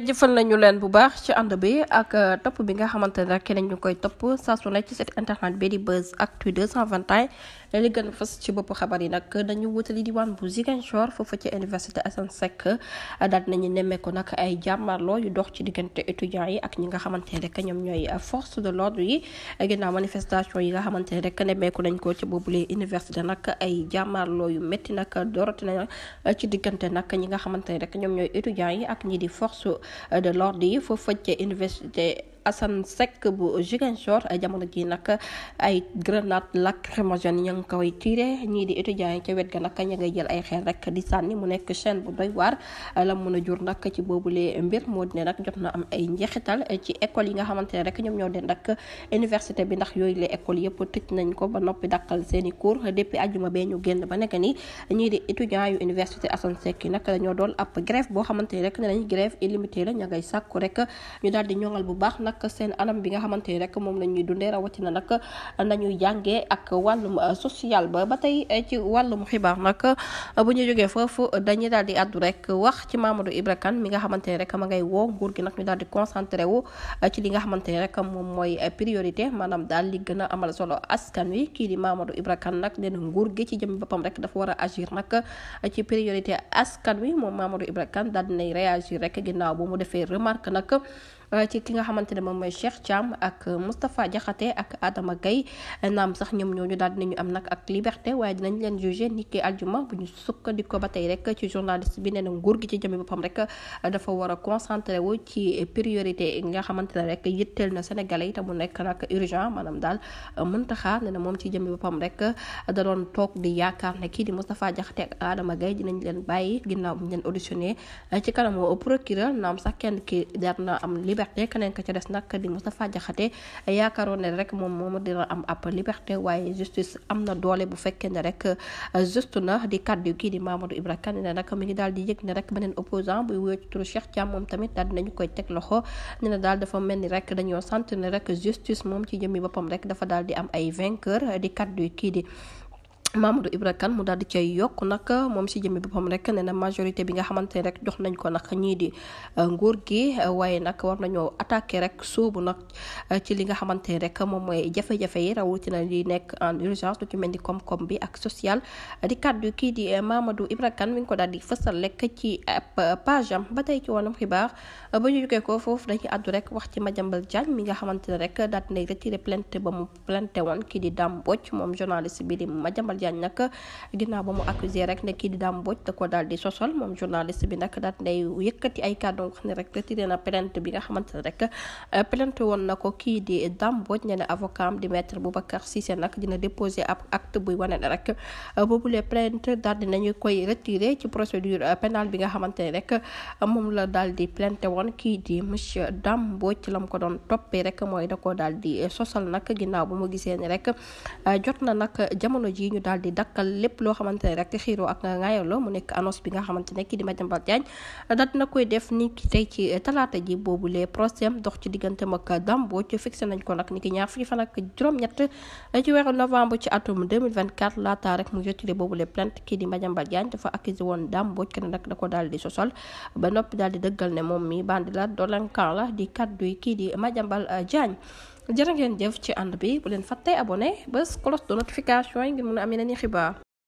jëfal nañu leen bu baax ci ànd bi ak euh, topp bi nga xamante ne rek keneen ñu koy topp saa su ne ci site internet bi di Buzz Actu 221 li gën fës ci yi nag dañu wutali diwaan bu Ziguinchor foofu ci université Assane Seck euh, daal nañu nemmeeku nag ay jàmmarloo yu dox ci diggante étudiants yi ak ñi nga xamante ne rek ñoom ñooy force de l'ordre yi ginnaaw manifestation yi nga xamante ne rek nemmeeku nañ ko ci boobule université nag ay jàmmarloo yu métti nag doroti na euh, ci diggante nag ñi nga xamante ne rek ñoom ñooy étudiants yi ak ñi di Euh, de Lordi foofu ca université asan Seck bu Ziguinchor jamono ji nag ay grenade lacrymogène ña ngi koy tiré ñii di étudiants yi ca wet ga nag ña ngay jël ay xeer rek di sànni mu nekk chaîne bu doy waar la mën a jur nag ci boobule mbir moo di ne nag jot na am ay njeexital ci école yi nga xamante ne rek ñoom ñoo den nag université bi ndax yooyu école yëpp tëj nañ ko ba noppi dàqal seeni cours depuis ajuma bee ñu génn ba nekk ni ñii di étudiants yu université Assane Seck yi nag ñoo doon ab grève boo xamante ne rek ne nañ grève illimité la ña ngay sàkku rek ñu daal di ñoŋal bu baax nag nag seen anam bi nga xamante ni rek moom la ñuy dundee rawatina nag nañuy jàngee ak wàllum euh, social ba ba tey euh, ci wàllum xibaar nag euh, bu ñu jógee foofu dañuy daal di àddu rek wax ci Mamadou Ibra Kane mi nga xamante ni rek ma ngay woo nguur gi nag ñu daal di concentré wu li nga xamante ni rek moom mooy priorité maanaam daal li gën a amal solo askan wi kii di Mamadou Ibra Kane nag nee nguur gi ci jëm boppam rek dafa war a agir nag ci priorité askan wi moom Mamadou Ibra Kane daal nay réagir rek ginnaaw bu mu defee remarque nag Euh, ci ki nga xamante ne moom mooy Cheikh Thiam ak Moustapha Diakhaté ak Adama Gaye naam sax ñoom ñooñu daal dinañu am nag ak liberté waaye dinañ leen jugé ni ki aljuma bu ñu sukkandikoo ba tey rek ci journaliste bi nee na nguur gi ci jëme boppam rek euh, dafa war a concentré wu ci priorité nga xamante ne rek yitteel na Sénégalais yi te mu nekk nag urgent maanaam daal euh, mënta xaar ne moom ci jëme boppam rek da doon toog di yaakaar ne kii di Moustapha Diakhaté ak Adama Gaye dinañ leen bàyyi ginnaaw bu ñu leen auditionné ci kanamu procureur naam sax kenn ki dar am liberté keneen ka ca des nag di Moustapha Diakhaté yaakaaroon ne rek moom moomu dina am ab liberté waaye justice am na doole bu fekkee ne rek juste na di kaddu kii di Mamadou Ibra Kane ne nag mi ngi daal di yëg ne rek beneen opposant buy wéy ci turu Cheikh Thiam moom tamit daal dinañu koy teg loxo ne na daal dafa mel ni rek dañoo sant ne rek justice moom ci jëmmi boppam rek dafa daal di am ay vainqueur di kaddu kii di. Mamadou Ibra Kane mu daal di cay yokk nag moom si jëmmi boppam rek nee na majorité bi nga xamante ne rek jox nañ ko nag ñii di euh, nguur gi waaye nag war nañoo attaqué rek soobu nag euh, ci li nga xamante ne rek moom mooy jafe-jafe yi rawatina li nekk en urgence lu ci koom-koom bi ak social di kàddu kii di euh, Mamadou Ibra Kane mi ngi ko daal di fësal rek ci page am ba tey ci wàllum xibaar ba ñu jógee ko foofu dañuy àddu rek wax ci Madiambal Diagne mi nga xamante ne rek daal di retiré plainte ba mu plainte woon kii di Dame Mbodj moom journaliste bi di Madiambal Diagne nag ginnaaw ba mu accusé rek ne kii di di sosol moom journaliste bi nag daal na plainte bi nga xamante ne rek euh, plainte woon na ko kii di Dame Mbodj ne ne avocat am di maître Boubacar rek euh, boobulee plainte euh, la daal di plainte woon kii di monsieur Dame Mbodj la mu ko doon toppee rek mooy da ko daal di sosal nag ginnaaw ba mu gisee ni rek jot na nag jamono ji ñu daal di dakkal lépp loo xamante ne rek xiiroo ak ngaayaloo mu nekk annonce bi nga xamante kii di Madiambal Diagne dafa accusé woon Dame kenn nag da ko daal di sosol ba noppi daal di dëggal ne moom mi bandi la dolankan la di kaddu kii di Madiambal Diagne jërë ngeen jëf ci ànd bi bu leen fàttee abonné bés cloche de notification yi ngir mun a am a i xibaar